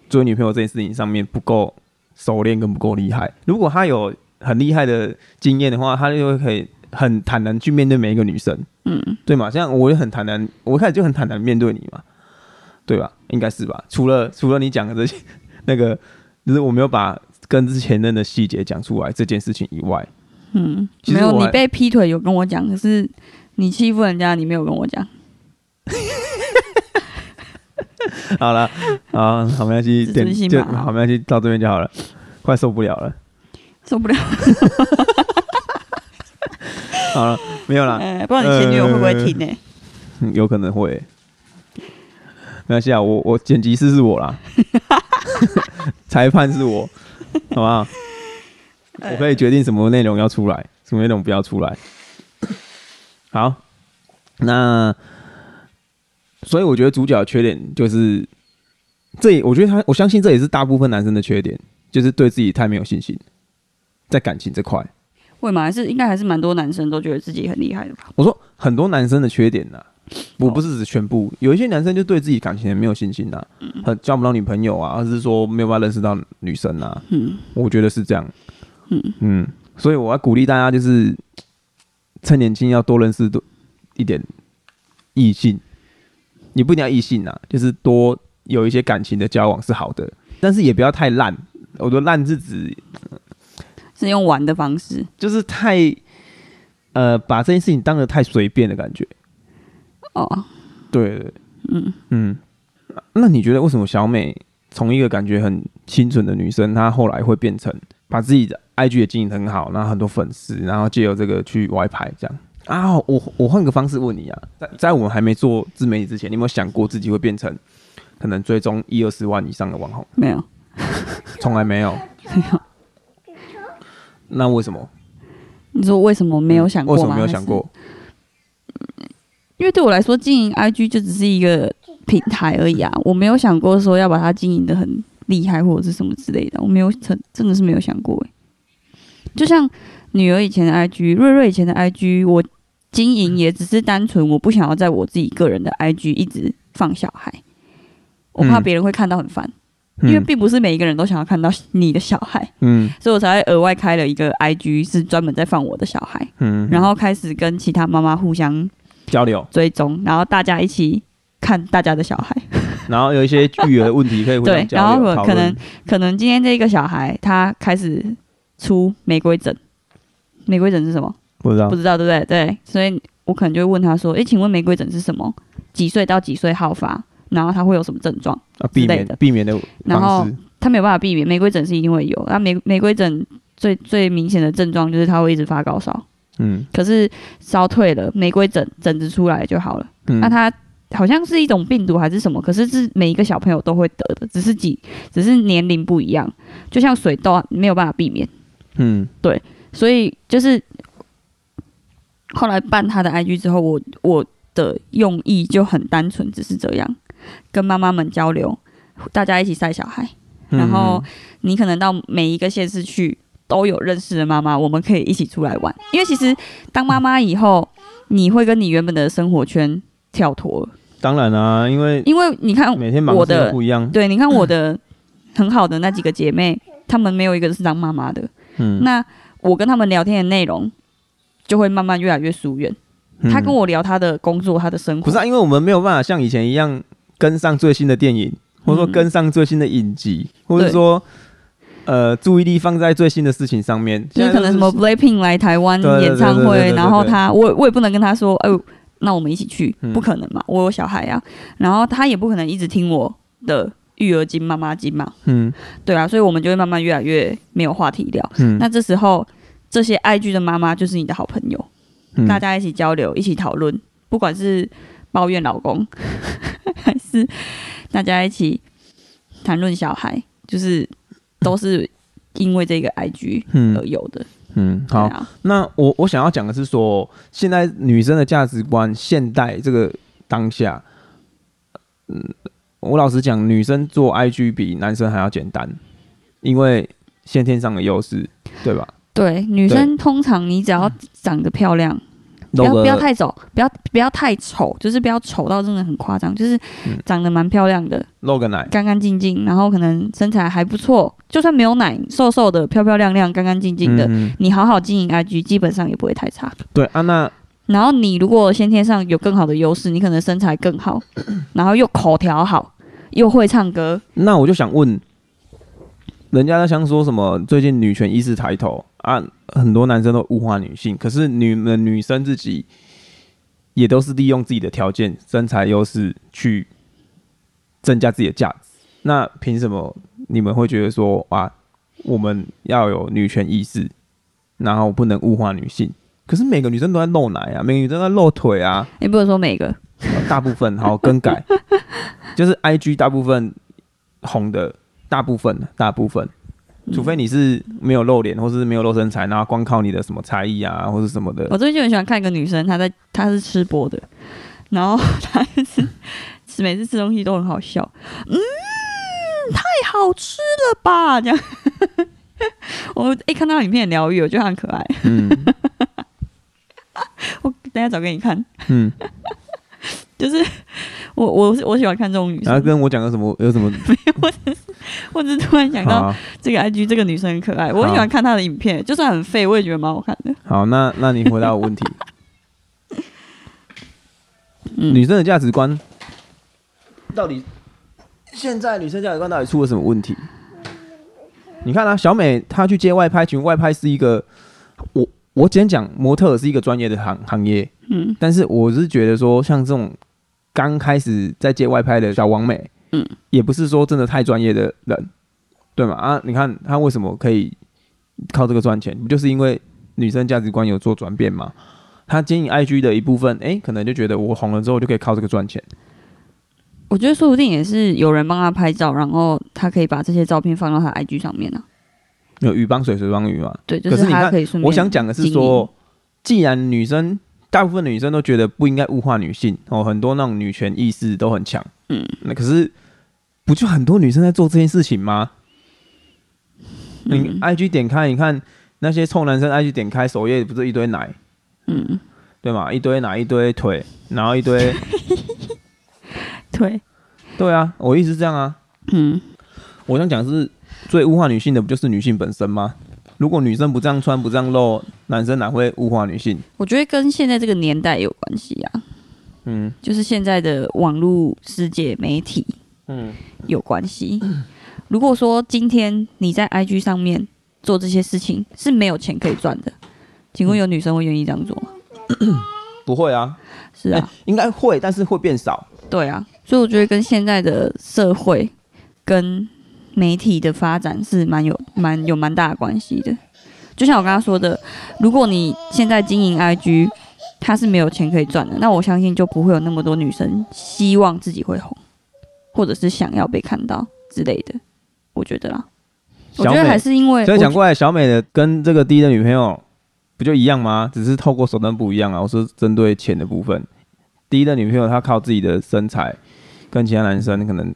追女朋友這件事情上面不夠。熟練跟不夠厲害，如果他有很厲害的經驗的話，他就會可以很坦然去面對每一個女生，嗯，對嘛？這樣我也很坦然，我一開始就很坦然面對你嘛，對吧？應該是吧？除了除了你講的這些，那個就是我沒有把跟之前任的細節講出來這件事情以外，嗯，沒有你被劈腿有跟我講，可是你欺負人家你沒有跟我講。 好了啊，好沒關係點是是就好，沒關係，到這邊就好了，快受不了了，受不了了。 好了，沒有了、欸。不知道你前女友會不會聽呢？欸欸嗯？有可能會、欸。沒關係啊，我我剪輯師是我啦， 裁判是我，好不好？欸、我可以決定什麼內容要出來，什麼內容不要出來。好，那。所以我覺得主角的缺點就是，這我覺得他，我相信這也是大部分男生的缺點，就是對自己太沒有信心，在感情這塊。會嗎？還是應該還是蠻多男生都覺得自己很厲害的吧？我說很多男生的缺點吶、啊，我不是指全部、哦，有一些男生就對自己感情也沒有信心吶、啊，他、嗯、交不到女朋友啊，而是說沒有辦法認識到女生啊。嗯，我覺得是這樣。嗯嗯。所以我要鼓勵大家，就是趁年輕要多認識多一點異性。你不一定要異性啦、啊，就是多有一些感情的交往是好的，但是也不要太爛。我覺得爛是指是用玩的方式，就是太呃把這件事情當得太隨便的感覺。哦，對，對，對，嗯嗯。那你覺得為什麼小美從一個感覺很清純的女生，她後來會變成把自己的 IG 也經營很好，然後很多粉絲，然後借由這個去外拍這樣？啊，我我換個方式問你啊，在在我們還沒做自媒體之前，你有沒有想過自己會變成可能追蹤一二十萬以上的網紅？沒有，從 來沒有。沒有。那為什麼？你說為什麼沒有想過嗎、嗯、為什麼沒有想過？因為對我來說，經營 IG 就只是一個平台而已啊。我沒有想過說要把它經營得很厲害，或者是什麼之類的。我沒有真真的是沒有想過。就像女兒以前的 IG，瑞瑞以前的 IG，我。經營也只是單純，我不想要在我自己個人的 IG 一直放小孩，我怕別人會看到很煩，因為並不是每一個人都想要看到你的小孩，嗯，嗯，所以我才會額外開了一個 IG，是專門在放我的小孩，嗯，嗯，然後開始跟其他媽媽互相交流、追蹤，然後大家一起看大家的小孩，然後有一些育兒問題可以問 對，然後可能可能今天這個小孩他開始出玫瑰疹，玫瑰疹是什麼？不知道，不知道，對不對？對，所以我可能就會問他說：“誒、欸，請問玫瑰疹是什麼？幾歲到幾歲好發？然後他會有什麼症狀啊？之類的。避免的，避免的，然後他沒有辦法避免，玫瑰疹是一定會有。那、啊、玫玫瑰疹最最明顯的症狀就是他會一直發高燒，嗯，可是燒退了，玫瑰疹疹子出來就好了。嗯、那他好像是一種病毒還是什麼？可是是每一個小朋友都會得的，只是幾，只是年齡不一樣，就像水痘沒有辦法避免，嗯，對，所以就是。後來辦他的 IG 之後，我我的用意就很單純，只是這樣跟媽媽們交流，大家一起曬小孩。嗯嗯，然後你可能到每一個縣市去都有認識的媽媽，我們可以一起出來玩。因為其實當媽媽以後，你會跟你原本的生活圈跳脫。當然啊，因為因為你看我的，每天忙的不一樣。對，你看我的很好的那幾個姐妹，她 們沒有一個是當媽媽的。嗯，那我跟她們聊天的內容。就會慢慢越來越疏遠。他跟我聊他的工作，嗯、他的生活，不是、啊、因為我們沒有辦法像以前一樣跟上最新的電影，或者說跟上最新的影集，嗯、或者說呃注意力放在最新的事情上面。就是、就是可能什麼 BLACKPINK 來台灣演唱會，對對對對對對對對，然後他我我也不能跟他說，哎、欸，那我們一起去，不可能嘛，嗯、我有小孩呀、啊。然後他也不可能一直聽我的育兒經、媽媽經嘛，嗯，對啊，所以我們就會慢慢越來越沒有話題聊。嗯，那這時候，這些 IG 的媽媽就是你的好朋友、嗯，大家一起交流，一起討論，不管是抱怨老公，嗯、還是大家一起談論小孩，就是都是因為這個 IG 而有的。嗯，嗯好、啊、那我我想要講的是說，現在女生的價值觀，現代這個當下，嗯、我老實講，女生做 IG 比男生還要簡單，因為先天上的優勢，對吧？對女生，通常你只要長得漂亮，不要不要，不要太醜，不要不要太醜，就是不要醜到真的很誇張，就是長得蠻漂亮的，露個奶，乾乾淨淨，然後可能身材還不錯，就算沒有奶，瘦瘦的，漂漂亮亮，乾乾淨淨的、嗯，你好好經營 IG，基本上也不會太差。對啊，那然後你如果先天上有更好的優勢，你可能身材更好，然後又口條好，又會唱歌 ，那我就想問，人家在想說什麼？最近女權意識抬頭。啊，很多男生都物化女性，可是你們女生自己也都是利用自己的條件、身材優勢去增加自己的價值。那憑什麼你們會覺得說啊，我們要有女權意識，然後不能物化女性？可是每個女生都在露奶啊，每個女生在露腿啊。你、欸、不能說每個，啊、大部分好更改， 就是 IG 大部分紅的大部分，大部分。除非你是沒有露臉，或是沒有露身材，然後光靠你的什麼才藝啊，或是什麼的。我最近就很喜歡看一個女生，她在她是吃播的，然後她是吃每次吃東西都很好笑，嗯，太好吃了吧這樣，呵呵我一、欸、看到影片療癒，我覺得很可愛。嗯，呵呵我等一下找給你看。嗯。就是我，我我喜歡看這種女生。然、啊、後跟我講個什麼？有什麼？ 或者，或者突然想到這個 IG 這個女生很可愛，好好，我喜歡看她的影片，就算很廢，我也覺得蠻好看的。好，那那你回答我問題： 嗯、女生的價值觀到底？現在女生價值觀到底出了什麼問題？ 你看啊，小美她去接外拍群，外拍是一個，我我今天講，模特是一個專業的行行業。嗯，但是我是覺得說，像這種。剛開始在接外拍的小王美，嗯，也不是說真的太專業的人，對嗎？啊，你看她為什麼可以靠這個賺錢？不就是因為女生價值觀有做轉變嗎？她經營 IG 的一部分，哎、欸，可能就覺得我紅了之後就可以靠這個賺錢。我覺得說不定也是有人幫她拍照，然後她可以把這些照片放到她的 IG 上面呢、啊。有魚幫水，水幫魚嘛？對，就是她可以順便。我想講的是說，既然女生。大部分女生都覺得不應該物化女性哦，很多那種女權意識都很強。嗯，那可是不就很多女生在做這件事情嗎？嗯。你 IG 點開，你看那些臭男生 IG 點開首頁，不是一堆奶，嗯，對嗎？一堆奶，一堆腿，然後一堆 腿。對啊，我意思是這樣啊。嗯，我想講的是最物化女性的，不就是女性本身嗎？如果女生不這樣穿，不這樣露，男生哪會物化女性？我覺得跟現在這個年代有關係啊。嗯，就是現在的網絡世界、媒體，嗯，有關係。如果說今天你在 IG 上面做這些事情是沒有錢可以賺的，請問有女生會願意這樣做嗎？嗯， 不會啊。是啊，欸，應該會，但是會變少。對啊，所以我覺得跟現在的社會跟。媒體的發展是蠻有、蠻有、蠻大的關係的。就像我剛剛說的，如果你現在經營 IG，他是沒有錢可以賺的，那我相信就不會有那麼多女生希望自己會紅，或者是想要被看到之類的。我覺得啦，我覺得還是因為所以講過來，小美的跟這個第一任女朋友不就一樣嗎？只是透過手段不一樣啊。我是針對錢的部分，第一任女朋友她靠自己的身材跟其他男生可能，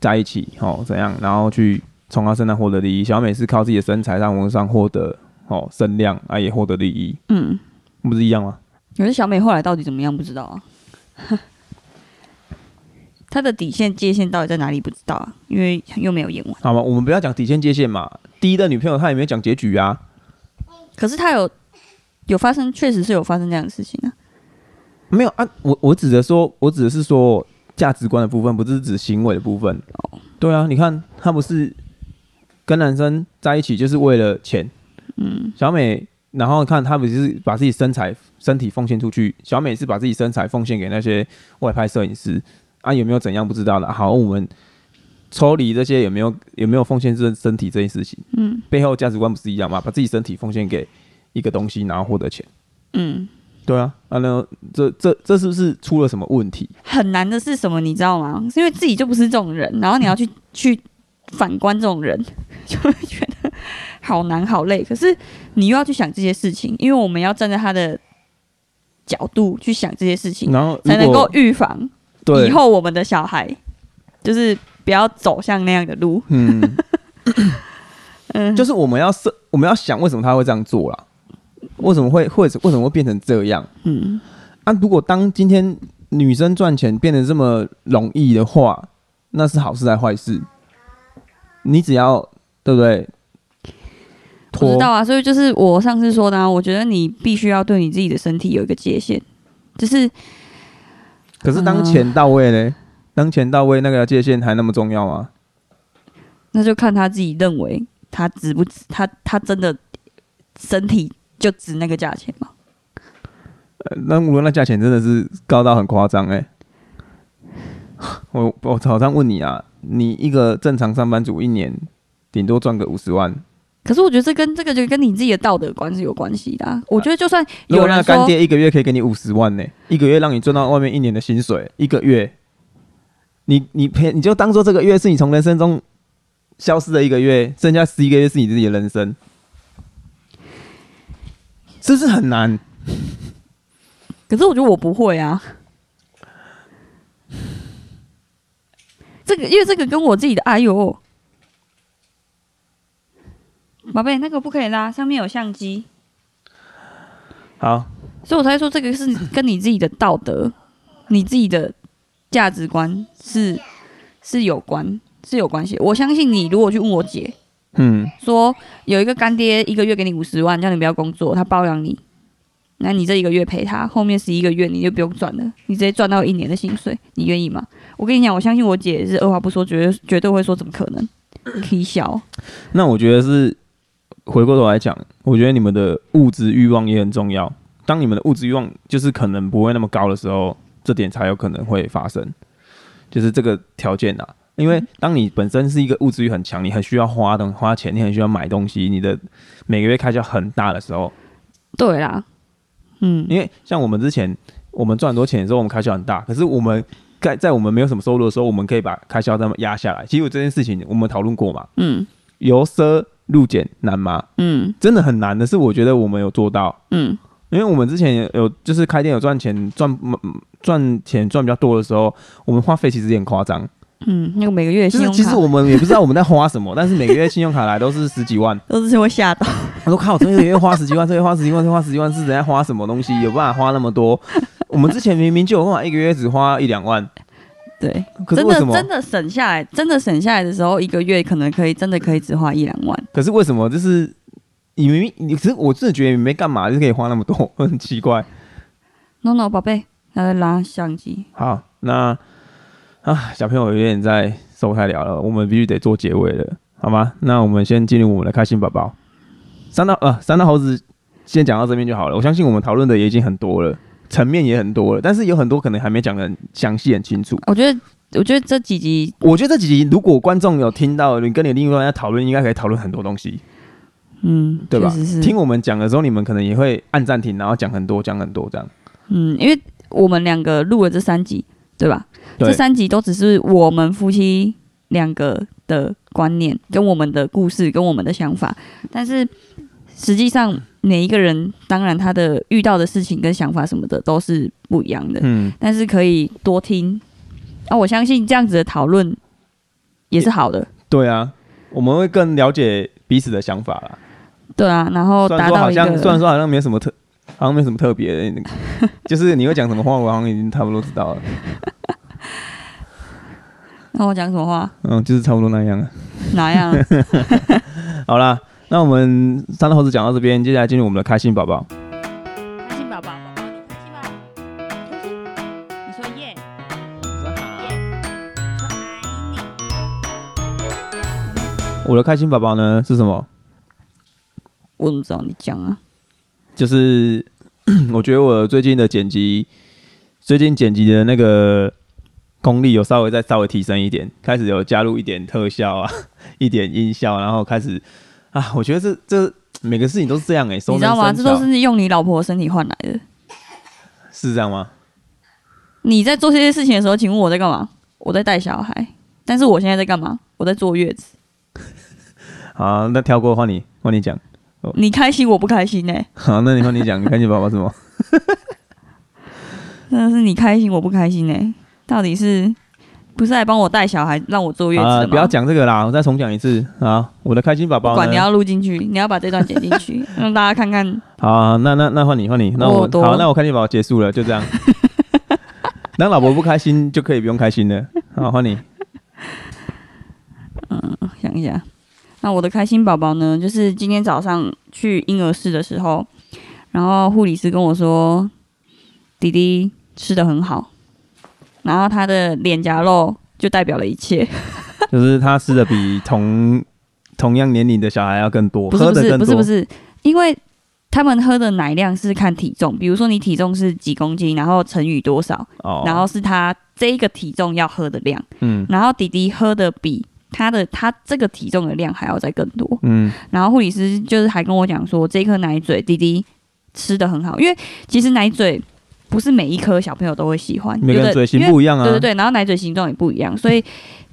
在一起，哦，怎樣？然後去從他身上獲得利益。小美是靠自己的身材讓王尚獲得，哦，身量啊，也獲得利益。嗯，不是一樣嗎？可是小美後來到底怎麼樣？不知道啊。她的底線界限到底在哪裡？不知道啊，因為又沒有演完。好吧？我們不要講底線界限嘛。第一的女朋友，他也沒有講結局啊。可是他有有發生，確實是有發生這樣的事情啊。沒有啊，我我指的是說，我指的是說。價值觀的部分不是指行為的部分，對啊，你看他不是跟男生在一起就是為了錢，嗯，小美，然後看他不是把自己身材身體奉獻出去，小美是把自己身材奉獻給那些外拍攝影師啊，有沒有怎樣不知道的。好，我們抽離這些有沒有有沒有奉獻這身體這件事情，嗯，背後價值觀不是一樣嗎？把自己身體奉獻給一個東西，然後獲得錢，嗯。對啊，啊，那這這這是不是出了什麼問題？很難的是什麼，你知道嗎？是因為自己就不是這種人，然後你要去、嗯、去反觀這種人，就會覺得好難好累。可是你又要去想這些事情，因為我們要站在他的角度去想這些事情，然後才能夠預防以後我們的小孩就是不要走向那樣的路。嗯， 嗯就是我們要設，我們要想為什麼他會這樣做啦。為什麼會會為什麼會變成這樣？嗯，啊，如果當今天女生賺錢變得這麼容易的話，那是好事還壞事？你只要對不對？我知道啊，所以就是我上次說的，啊，我覺得你必須要對你自己的身體有一個界限，就是，可是當錢到位呢、嗯？當錢到位，那個界限還那麼重要嗎？那就看他自己認為他值不值，他他真的身體，就值那個價錢嗎？無那我那價錢真的是高到很誇張哎！我我早上問你啊，你一個正常上班族一年頂多賺個五十萬。可是我覺得這跟這個就跟你自己的道德觀是有關係的、啊。我覺得就算有人如果那乾爹一個月可以給你五十萬呢、欸，一個月讓你賺到外面一年的薪水，一個月，你你你你就當做這個月是你從人生中消失的一個月，剩下十一個月是你自己的人生。這是很難，可是我覺得我不會啊。這個，因為這個跟我自己的，哎呦，寶貝，那個不可以啦，上面有相機。好，所以我才會說這個是跟你自己的道德、你自己的價值觀是是有關，是有關係。我相信你，如果去問我姐，嗯，說有一個乾爹，一個月給你五十萬，叫你不要工作，他包養你。那你這一個月陪他，後面十一個月你就不用賺了，你直接賺到一年的薪水，你願意嗎？我跟你講，我相信我姐也是二話不說，絕絕對會說怎麼可能？你可以笑！」那我覺得是回過頭來講，我覺得你們的物質慾望也很重要。當你們的物質慾望就是可能不會那麼高的時候，這點才有可能會發生，就是這個條件吶、啊。因為當你本身是一個物質欲很強，你很需要花東花錢，你很需要買東西，你的每個月開銷很大的時候，對啊，嗯，因為像我們之前我們賺很多錢的時候，我們開銷很大，可是我們在在我們沒有什麼收入的時候，我們可以把開銷這樣壓下來。其實有這件事情我們討論過嘛，嗯，由奢入儉難嗎？嗯，真的很難的。是我覺得我們有做到，嗯，因為我們之前有有就是開店有賺錢賺賺錢賺比較多的時候，我們花費其實有點誇張。嗯，那個每個月的信用，其實其實我們也不知道我們在花什麼， 但是每個月信用卡來都是十幾萬，都是會嚇到。我說靠，我這個月花十幾萬，這 月花十幾萬，這月花十幾萬，是人家花什麼東西？有辦法花那麼多？ 我們之前明明就有辦法一個月只花一兩萬。對，真的真的省下來，真的省下來的時候，一個月可能可以真的可以只花一兩萬？可是為什麼就是你明明你其實我真的覺得你沒幹嘛，就可以花那麼多？ 很奇怪。No No，寶貝，拿來拿相機。好，那。啊，小朋友有點在收太了了，我們必須得做結尾了，好嗎？那我們先進入我們的開心寶寶，山道呃、啊、山道猴子，先講到這邊就好了。我相信我們討論的也已經很多了，層面也很多了，但是有很多可能還沒講得很詳細很清楚。我覺得，我覺得這幾集，我覺得這幾集，如果觀眾有聽到你跟你另外一半討論，應該可以討論很多東西。嗯，對吧？是聽我們講的時候，你們可能也會按暫停，然後講很多，講很多，這樣。嗯，因為我們兩個錄了這三集。對吧？對，這三集都只是我們夫妻兩個的觀念，跟我們的故事，跟我們的想法。但是實際上，每一個人當然他的遇到的事情跟想法什麼的都是不一樣的。嗯，但是可以多聽啊！我相信這樣子的討論也是好的。對啊，我們會更了解彼此的想法啦。對啊，然後達到一個雖然說好像雖然說好像沒什麼特。好像沒什麼特別的， 就是你會講什麼話，我好像已經差不多知道了。 那我講什麼話？嗯，就是差不多那樣。啊 。哪樣？ 好啦，那我們三隻猴子講到這邊，接下來進入我們的開心寶寶。寶寶，你說耶、yeah,！你說啥、yeah,？Yeah, 我的開心寶寶呢是什麼？我怎麼知道你講啊？就是我覺得我最近的剪輯，最近剪輯的那個功力有稍微再稍微提升一點，開始有加入一點特效啊，一點音效，然後開始啊，我覺得這這每個事情都是這樣哎，你知道嗎？這都是用你老婆身體換來的，是這樣嗎？你在做這些事情的時候，請問我在幹嘛？我在帶小孩，但是我現在在幹嘛？我在坐月子。 好啊，那跳過，換你換你講。你開心，我不開心呢、欸。好，那你換你講，你開心寶寶是嗎？ 那是你開心，我不開心呢、欸。到底是不是來幫我帶小孩，讓我坐月子、啊、不要講這個啦，我再重講一次啊！我的開心寶寶，管你要錄進去，你要把這段剪進去， 讓大家看看。好，那那那換你換你，那我，我多好，那我開心寶寶結束了，就這樣。讓 老婆不開心就可以不用開心了。好，換你。嗯，想一下。那我的開心寶寶呢？就是今天早上去嬰兒室的時候，然後護理師跟我說，弟弟吃的很好，然後他的臉頰肉就代表了一切，就是他吃的比同 同樣年齡的小孩要更多，不是不是，喝得更多，不是不是，因為他們喝的奶量是看體重，比如說你體重是幾公斤，然後乘以多少，然後是他這個體重要喝的量，嗯、哦，然後弟弟喝的比。嗯他的他這個體重的量還要再更多，嗯，然後護理師就是還跟我講說，這一顆奶嘴弟弟吃的很好，因為其實奶嘴不是每一顆小朋友都會喜歡，每個嘴型不一樣啊，對對對，然後奶嘴形狀也不一樣，所以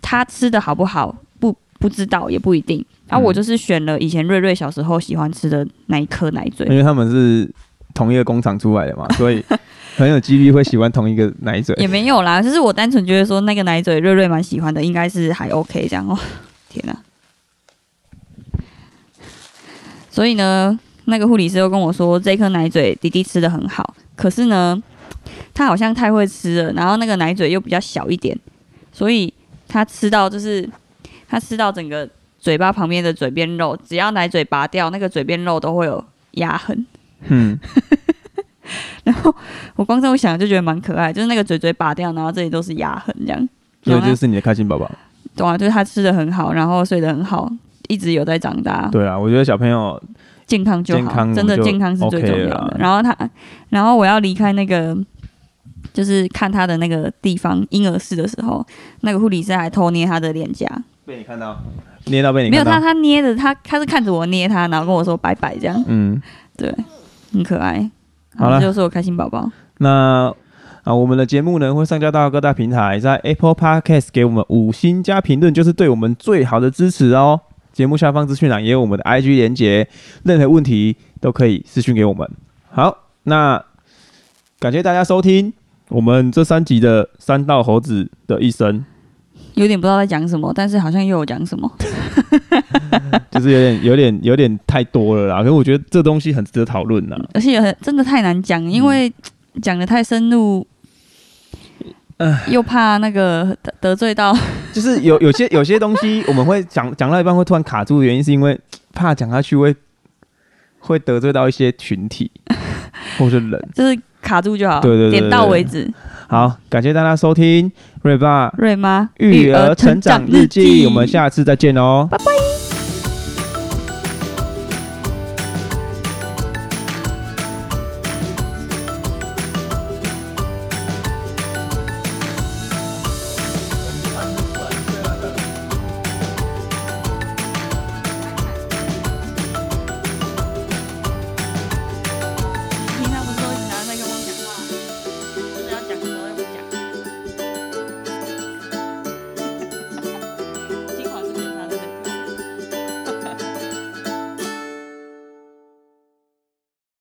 他吃的好不好 不不知道也不一定。然後我就是選了以前瑞瑞小時候喜歡吃的那一顆奶嘴，因為他們是同一個工廠出來的嘛，所以。 很有幾率會喜歡同一個奶嘴，也沒有啦，就是我單純覺得說那個奶嘴瑞瑞蠻喜歡的，應該是還 OK 這樣喔。哦，天吶啊！所以呢，那個護理師又跟我說，這顆奶嘴弟弟吃得很好，可是呢，他好像太會吃了，然後那個奶嘴又比較小一點，所以他吃到就是他吃到整個嘴巴旁邊的嘴邊肉，只要奶嘴拔掉，那個嘴邊肉都會有壓痕。嗯。 然後我光這麼想就覺得蠻可愛，就是那個嘴嘴拔掉，然後這裡都是牙痕這樣。對，就是你的開心寶寶。懂啊，就是他吃得很好，然後睡得很好，一直有在長大。對啊，我覺得小朋友健康就好，健康就真的健康是最重要的，okay。然後他，然後我要離開那個，就是看他的那個地方嬰兒室的時候，那個護理師還偷捏他的臉頰。被你看到，捏到被你看到，沒有他，他捏的他，他是看着我捏他，然後跟我說拜拜這樣。嗯，對，很可愛。好了，就是我開心寶寶。那啊，我們的節目呢，會上架到各大平台，在 Apple Podcast 給我們五星加評論，就是對我們最好的支持哦。節目下方資訊欄也有我們的 IG 連結，任何問題都可以私訊給我們。好，那感謝大家收聽我們這三集的《山道猴子的一生》。有點不知道在講什麼，但是好像又有講什麼， 就是有點、有點、有點太多了啦。可是我覺得這東西很值得討論呢，而且很真的太難講，因為講得太深入，呃、嗯，又怕那個得、呃、得罪到。就是有有些有些東西，我們會講講 到一半會突然卡住的原因，是因為怕講下去會會得罪到一些群體 或者人。就是卡住就好，對對，對，對對，點到為止。好，感謝大家收聽瑞爸瑞媽育、育兒成長日記，我們下次再見哦，拜拜。